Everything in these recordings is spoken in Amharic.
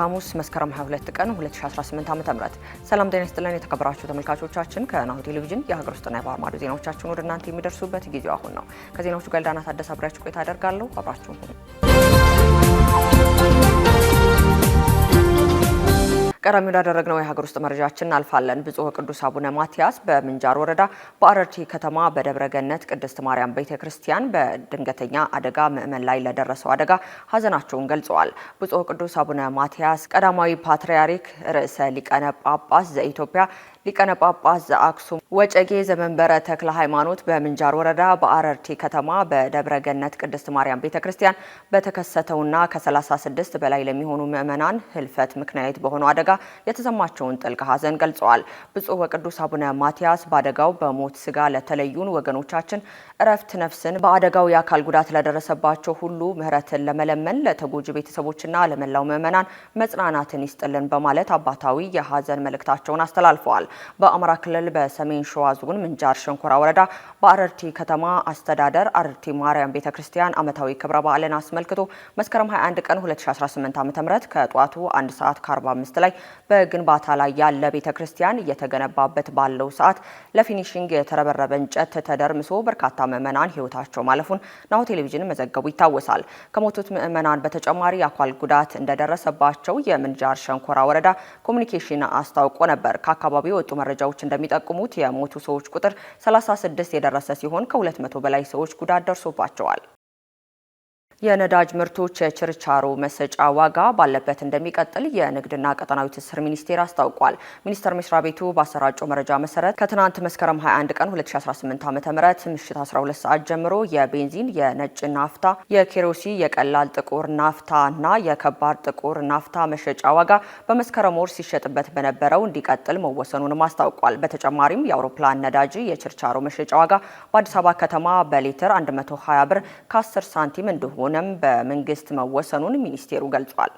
ሐሙስ መስከረም 22 ቀን 2018 ዓ.ም ሰላም ጤና ይስጥልን። የተከበራችሁ ተመልካቾቻችን ከናሁ ቴሌቪዥን የሀገር ውስጥና የባህር ማዶ ዜናዎቻችን ወደ እናንተ የሚደርሱበት ጊዜው አሁን ነው። ከዜናዎቹ ጋር ዳና ታደሰ አብሬያችሁ ቆይታ አደርጋለሁ። አብራችሁን ሁኑ። ቀዳሚ ወዳደረግነው የሀገር ውስጥ መረጃችን እናልፋለን። ብፁዕ ቅዱስ አቡነ ማትያስ በምንጃር ወረዳ በአረርቲ ከተማ በደብረ ገነት ቅድስት ማርያም ቤተ ክርስቲያን በድንገተኛ አደጋ ምዕመን ላይ ለደረሰው አደጋ ሀዘናቸውን ገልጸዋል። ብፁዕ ቅዱስ አቡነ ማትያስ ቀዳማዊ ፓትርያርክ ርዕሰ ሊቀነ ጳጳስ ዘኢትዮጵያ ሊቀነ ጳጳስ ዘአክሱም ወጨጌ ዘመንበረ ተክለ ሃይማኖት በምንጃር ወረዳ በአረርቲ ከተማ በደብረ ገነት ቅድስት ማርያም ቤተ ክርስቲያን በተከሰተውና ከ36 በላይ ለሚሆኑ ምዕመናን ህልፈት ምክንያት በሆነው አደጋ የተሰማቸውን ጥልቅ ሐዘን ገልጸዋል። ብፁዕ ወቅዱስ አቡነ ማትያስ በአደጋው በሞት ስጋ ለተለዩን ወገኖቻችን እረፍት ነፍስን፣ በአደጋው የአካል ጉዳት ለደረሰባቸው ሁሉ ምህረትን ለመለመን ለተጎጂ ቤተሰቦችና ለመላው ምዕመናን መጽናናትን ይስጥልን በማለት አባታዊ የሐዘን መልእክታቸውን አስተላልፈዋል። በአማራ ክልል በሰሜን ሸዋ ዞን ምንጃር ሸንኮራ ወረዳ በአረርቲ ከተማ አስተዳደር አረርቲ ማርያም ቤተ ክርስቲያን ዓመታዊ ክብረ በዓልን አስመልክቶ መስከረም 21 ቀን 2018 ዓ.ም ከጧቱ 1 ሰዓት ከ45 ላይ በግንባታ ላይ ያለ ቤተ ክርስቲያን እየተገነባበት ባለው ሰዓት ለፊኒሽንግ የተረበረበ እንጨት ተደርምሶ በርካታ ምዕመናን ሕይወታቸው ማለፉን ናሁ ቴሌቪዥን መዘገቡ ይታወሳል። ከሞቱት ምዕመናን በተጨማሪ የአኳል ጉዳት እንደደረሰባቸው የምንጃር ሸንኮራ ወረዳ ኮሚኒኬሽን አስታውቆ ነበር። ከአካባቢው የወጡ መረጃዎች እንደሚጠቁሙት የሞቱ ሰዎች ቁጥር 36 የደረሰ ሲሆን ከሁለት መቶ በላይ ሰዎች ጉዳት ደርሶባቸዋል። የነዳጅ ምርቶች የችርቻሮ መሰጫ ዋጋ ባለበት እንደሚቀጥል የንግድና ቀጠናዊ ትስስር ሚኒስቴር አስታውቋል። ሚኒስቴር መስሪያ ቤቱ በአሰራጨው መረጃ መሰረት ከትናንት መስከረም 21 ቀን 2018 ዓ ም ምሽት 12 ሰዓት ጀምሮ የቤንዚን፣ የነጭ ናፍታ፣ የኬሮሲ፣ የቀላል ጥቁር ናፍታ እና የከባድ ጥቁር ናፍታ መሸጫ ዋጋ በመስከረም ወር ሲሸጥበት በነበረው እንዲቀጥል መወሰኑንም አስታውቋል። በተጨማሪም የአውሮፕላን ነዳጅ የችርቻሮ መሸጫ ዋጋ በአዲስ አበባ ከተማ በሊትር 120 ብር ከ10 ሳንቲም እንዲሁም እንደሆነም በመንግስት መወሰኑን ሚኒስቴሩ ገልጿል።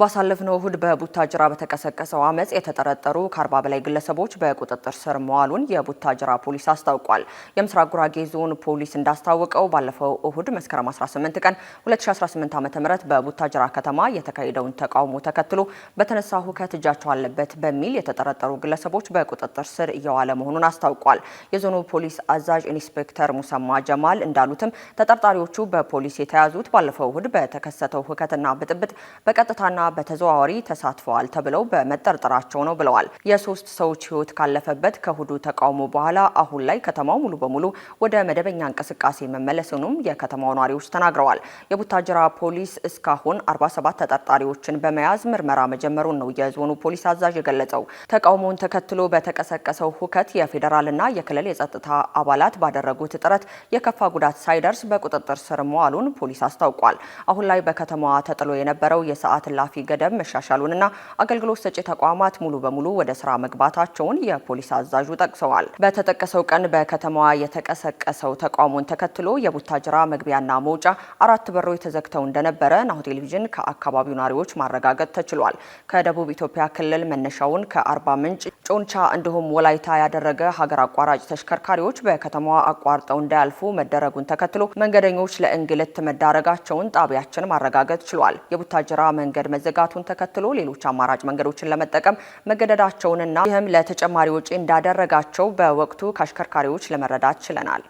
ባሳለፍነው እሁድ በቡታጅራ በተቀሰቀሰው አመፅ የተጠረጠሩ ከአርባ በላይ ግለሰቦች በቁጥጥር ስር መዋሉን የቡታጅራ ፖሊስ አስታውቋል። የምስራቅ ጉራጌ ዞን ፖሊስ እንዳስታወቀው ባለፈው እሁድ መስከረም 18 ቀን 2018 በቡታ በቡታጅራ ከተማ የተካሄደውን ተቃውሞ ተከትሎ በተነሳ ሁከት እጃቸው አለበት በሚል የተጠረጠሩ ግለሰቦች በቁጥጥር ስር እየዋለ መሆኑን አስታውቋል። የዞኑ ፖሊስ አዛዥ ኢንስፔክተር ሙሰማ ጀማል እንዳሉትም ተጠርጣሪዎቹ በፖሊስ የተያዙት ባለፈው እሁድ በተከሰተው ሁከትና ብጥብጥ በቀጥታና በተዘዋዋሪ ተሳትፈዋል ተብለው በመጠርጠራቸው ነው ብለዋል። የሶስት ሰዎች ህይወት ካለፈበት ከእሁዱ ተቃውሞ በኋላ አሁን ላይ ከተማው ሙሉ በሙሉ ወደ መደበኛ እንቅስቃሴ መመለሱንም የከተማው ነዋሪዎች ተናግረዋል። የቡታጅራ ፖሊስ እስካሁን 47 ተጠርጣሪዎችን በመያዝ ምርመራ መጀመሩን ነው የዞኑ ፖሊስ አዛዥ የገለጸው። ተቃውሞውን ተከትሎ በተቀሰቀሰው ሁከት የፌዴራልና የክልል የጸጥታ አባላት ባደረጉት ጥረት የከፋ ጉዳት ሳይደርስ በቁጥጥር ስር መዋሉን ፖሊስ አስታውቋል። አሁን ላይ በከተማዋ ተጥሎ የነበረው የሰዓት ላፊ ሰዓት ገደብ መሻሻሉንና አገልግሎት ሰጪ ተቋማት ሙሉ በሙሉ ወደ ስራ መግባታቸውን የፖሊስ አዛዡ ጠቅሰዋል። በተጠቀሰው ቀን በከተማዋ የተቀሰቀሰው ተቃውሞን ተከትሎ የቡታጅራ መግቢያና መውጫ አራት በሮች ተዘግተው እንደነበረ ናሁ ቴሌቪዥን ከአካባቢው ነዋሪዎች ማረጋገጥ ተችሏል። ከደቡብ ኢትዮጵያ ክልል መነሻውን ከአርባ ምንጭ ጮንቻ እንዲሁም ወላይታ ያደረገ ሀገር አቋራጭ ተሽከርካሪዎች በከተማዋ አቋርጠው እንዳያልፉ መደረጉን ተከትሎ መንገደኞች ለእንግልት መዳረጋቸውን ጣቢያችን ማረጋገጥ ችሏል። የቡታጅራ መንገድ መዘጋቱን ተከትሎ ሌሎች አማራጭ መንገዶችን ለመጠቀም መገደዳቸውንና ይህም ለተጨማሪ ወጪ እንዳደረጋቸው በወቅቱ ከአሽከርካሪዎች ለመረዳት ችለናል።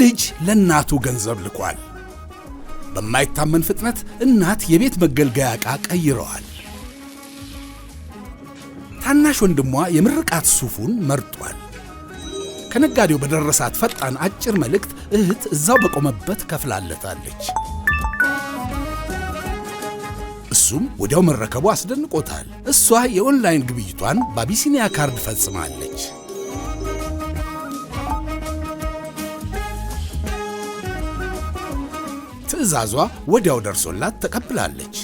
ልጅ ለእናቱ ገንዘብ ልኳል። በማይታመን ፍጥነት እናት የቤት መገልገያ ዕቃ ቀይረዋል። ታናሽ ወንድሟ የምርቃት ሱፉን መርጧል። ከነጋዴው በደረሳት ፈጣን አጭር መልእክት እህት እዛው በቆመበት ከፍላለታለች። እሱም ወዲያው መረከቡ አስደንቆታል። እሷ የኦንላይን ግብይቷን በአቢሲኒያ ካርድ ፈጽማለች። ትዕዛዟ ወዲያው ደርሶላት ተቀብላለች።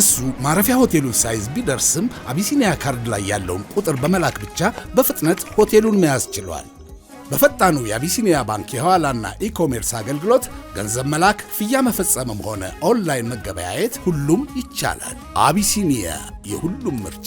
እሱ ማረፊያ ሆቴሉን ሳይዝ ቢደርስም አቢሲኒያ ካርድ ላይ ያለውን ቁጥር በመላክ ብቻ በፍጥነት ሆቴሉን መያዝ ችሏል። በፈጣኑ የአቢሲኒያ ባንክ የሐዋላና ኢኮሜርስ አገልግሎት ገንዘብ መላክ፣ ፍያ መፈጸምም ሆነ ኦንላይን መገበያየት ሁሉም ይቻላል። አቢሲኒያ የሁሉም ምርጫ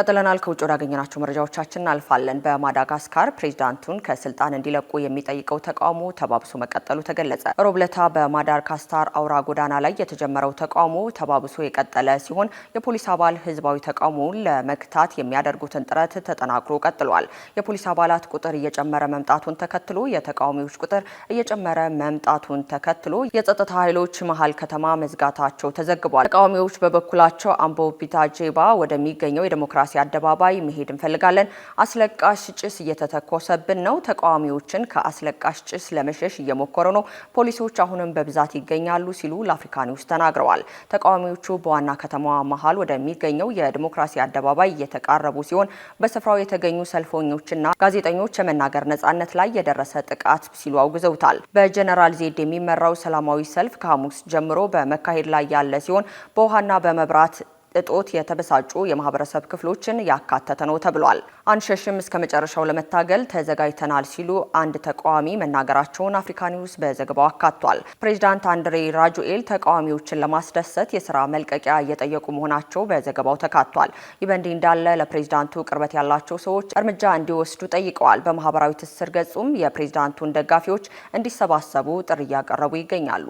ቀጥለናል። ከውጭ ወዳገኘናቸው መረጃዎቻችን እናልፋለን። በማዳጋስካር ፕሬዚዳንቱን ከስልጣን እንዲለቁ የሚጠይቀው ተቃውሞ ተባብሶ መቀጠሉ ተገለጸ። ሮብለታ በማዳጋስካር አውራ ጎዳና ላይ የተጀመረው ተቃውሞ ተባብሶ የቀጠለ ሲሆን የፖሊስ አባል ህዝባዊ ተቃውሞውን ለመግታት የሚያደርጉትን ጥረት ተጠናክሮ ቀጥሏል። የፖሊስ አባላት ቁጥር እየጨመረ መምጣቱን ተከትሎ የተቃዋሚዎች ቁጥር እየጨመረ መምጣቱን ተከትሎ የጸጥታ ኃይሎች መሀል ከተማ መዝጋታቸው ተዘግቧል። ተቃዋሚዎች በበኩላቸው አምቦ ቢታጄባ ወደሚገኘው የዴሞክራ ዲሞክራሲ አደባባይ መሄድ እንፈልጋለን። አስለቃሽ ጭስ እየተተኮሰብን ነው። ተቃዋሚዎችን ከአስለቃሽ ጭስ ለመሸሽ እየሞከሩ ነው። ፖሊሶች አሁንም በብዛት ይገኛሉ ሲሉ ለአፍሪካ ኒውስ ተናግረዋል። ተቃዋሚዎቹ በዋና ከተማዋ መሀል ወደሚገኘው የዲሞክራሲ አደባባይ እየተቃረቡ ሲሆን በስፍራው የተገኙ ሰልፈኞችና ጋዜጠኞች የመናገር ነጻነት ላይ የደረሰ ጥቃት ሲሉ አውግዘውታል። በጀነራል ዜድ የሚመራው ሰላማዊ ሰልፍ ከሐሙስ ጀምሮ በመካሄድ ላይ ያለ ሲሆን በውሃና በመብራት እጦት የተበሳጩ የማህበረሰብ ክፍሎችን ያካተተ ነው ተብሏል። አንሸሽም እስከ መጨረሻው ለመታገል ተዘጋጅተናል ሲሉ አንድ ተቃዋሚ መናገራቸውን አፍሪካ ኒውስ በዘገባው አካቷል። ፕሬዚዳንት አንድሬ ራጁኤል ተቃዋሚዎችን ለማስደሰት የስራ መልቀቂያ እየጠየቁ መሆናቸው በዘገባው ተካቷል። ይህ በእንዲህ እንዳለ ለፕሬዚዳንቱ ቅርበት ያላቸው ሰዎች እርምጃ እንዲወስዱ ጠይቀዋል። በማህበራዊ ትስስር ገጹም የፕሬዚዳንቱን ደጋፊዎች እንዲሰባሰቡ ጥሪ እያቀረቡ ይገኛሉ።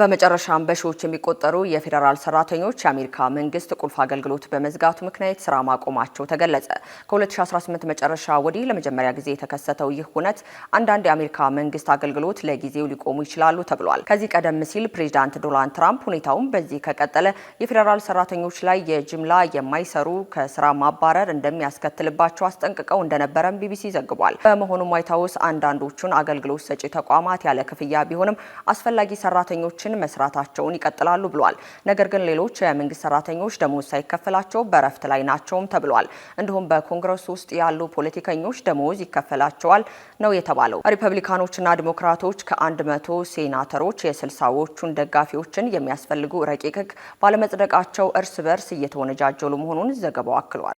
በመጨረሻም በሺዎች የሚቆጠሩ የፌዴራል ሰራተኞች የአሜሪካ መንግስት ቁልፍ አገልግሎት በመዝጋቱ ምክንያት ስራ ማቆማቸው ተገለጸ። ከ2018 መጨረሻ ወዲህ ለመጀመሪያ ጊዜ የተከሰተው ይህ ሁነት አንዳንድ የአሜሪካ መንግስት አገልግሎት ለጊዜው ሊቆሙ ይችላሉ ተብሏል። ከዚህ ቀደም ሲል ፕሬዚዳንት ዶናልድ ትራምፕ ሁኔታውም በዚህ ከቀጠለ የፌዴራል ሰራተኞች ላይ የጅምላ የማይሰሩ ከስራ ማባረር እንደሚያስከትልባቸው አስጠንቅቀው እንደነበረም ቢቢሲ ዘግቧል። በመሆኑም ዋይት ሀውስ አንዳንዶቹን አገልግሎት ሰጪ ተቋማት ያለ ክፍያ ቢሆንም አስፈላጊ ሰራተኞች ስራዎችን መስራታቸውን ይቀጥላሉ ብሏል። ነገር ግን ሌሎች የመንግስት ሰራተኞች ደሞዝ ሳይከፈላቸው በእረፍት ላይ ናቸውም ተብሏል። እንዲሁም በኮንግረስ ውስጥ ያሉ ፖለቲከኞች ደሞዝ ይከፈላቸዋል ነው የተባለው። ሪፐብሊካኖችና ዲሞክራቶች ከአንድ መቶ ሴናተሮች የስልሳዎቹን ደጋፊዎችን የሚያስፈልጉ ረቂቅ ህግ ባለመጽደቃቸው እርስ በርስ እየተወነጃጀሉ መሆኑን ዘገባው አክሏል።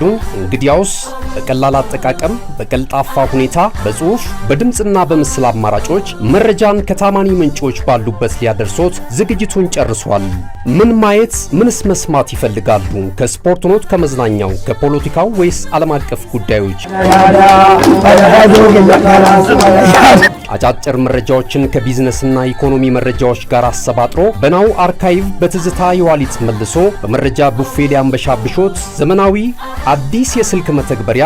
ከፈቀዱ እንግዲያውስ በቀላል አጠቃቀም በቀልጣፋ ሁኔታ በጽሁፍ በድምፅና በምስል አማራጮች መረጃን ከታማኒ ምንጮች ባሉበት ሊያደርሶት ዝግጅቱን ጨርሷል። ምን ማየት ምንስ መስማት ይፈልጋሉ? ከስፖርት ኖት፣ ከመዝናኛው፣ ከፖለቲካው ወይስ ዓለም አቀፍ ጉዳዮች? አጫጭር መረጃዎችን ከቢዝነስና ኢኮኖሚ መረጃዎች ጋር አሰባጥሮ በናው አርካይቭ በትዝታ የዋሊት መልሶ በመረጃ ቡፌ ሊያንበሻብሾት ዘመናዊ አዲስ የስልክ መተግበሪያ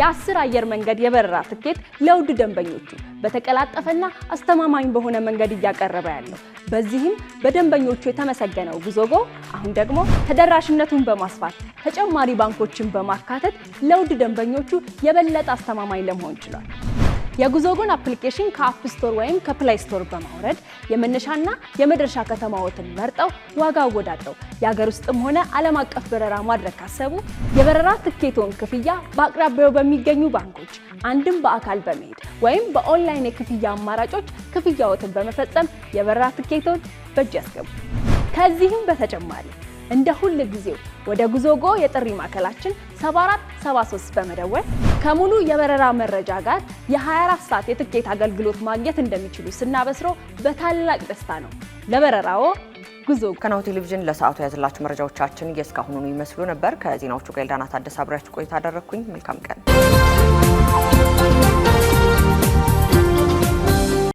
የአስር አየር መንገድ የበረራ ትኬት ለውድ ደንበኞቹ በተቀላጠፈና አስተማማኝ በሆነ መንገድ እያቀረበ ያለው በዚህም በደንበኞቹ የተመሰገነው ጉዞጎ አሁን ደግሞ ተደራሽነቱን በማስፋት ተጨማሪ ባንኮችን በማካተት ለውድ ደንበኞቹ የበለጠ አስተማማኝ ለመሆን ችሏል። የጉዞጎን አፕሊኬሽን ከአፕ ስቶር ወይም ከፕላይ ስቶር በማውረድ የመነሻና የመድረሻ ከተማዎትን መርጠው ዋጋ ወዳድረው የሀገር ውስጥም ሆነ ዓለም አቀፍ በረራ ማድረግ ካሰቡ የበረራ ትኬቶን ክፍያ በአቅራቢያው በሚገኙ ባንኮች አንድም በአካል በመሄድ ወይም በኦንላይን የክፍያ አማራጮች ክፍያዎትን በመፈጸም የበረራ ትኬቶን በእጅ ያስገቡ። ከዚህም በተጨማሪ እንደ ሁል ጊዜው ወደ ጉዞጎ የጥሪ ማዕከላችን 7473 በመደወል ከሙሉ የበረራ መረጃ ጋር የ24 ሰዓት የትኬት አገልግሎት ማግኘት እንደሚችሉ ስናበስሮ በታላቅ ደስታ ነው። ለበረራዎ ጉዞ ከናሁ ቴሌቪዥን ለሰዓቱ የያዝላችሁ መረጃዎቻችን የእስካሁኑን ይመስሉ ነበር። ከዜናዎቹ ጋር ኤልዳና ታደሰ አብሬያችሁ ቆይታ አደረግኩኝ። መልካም ቀን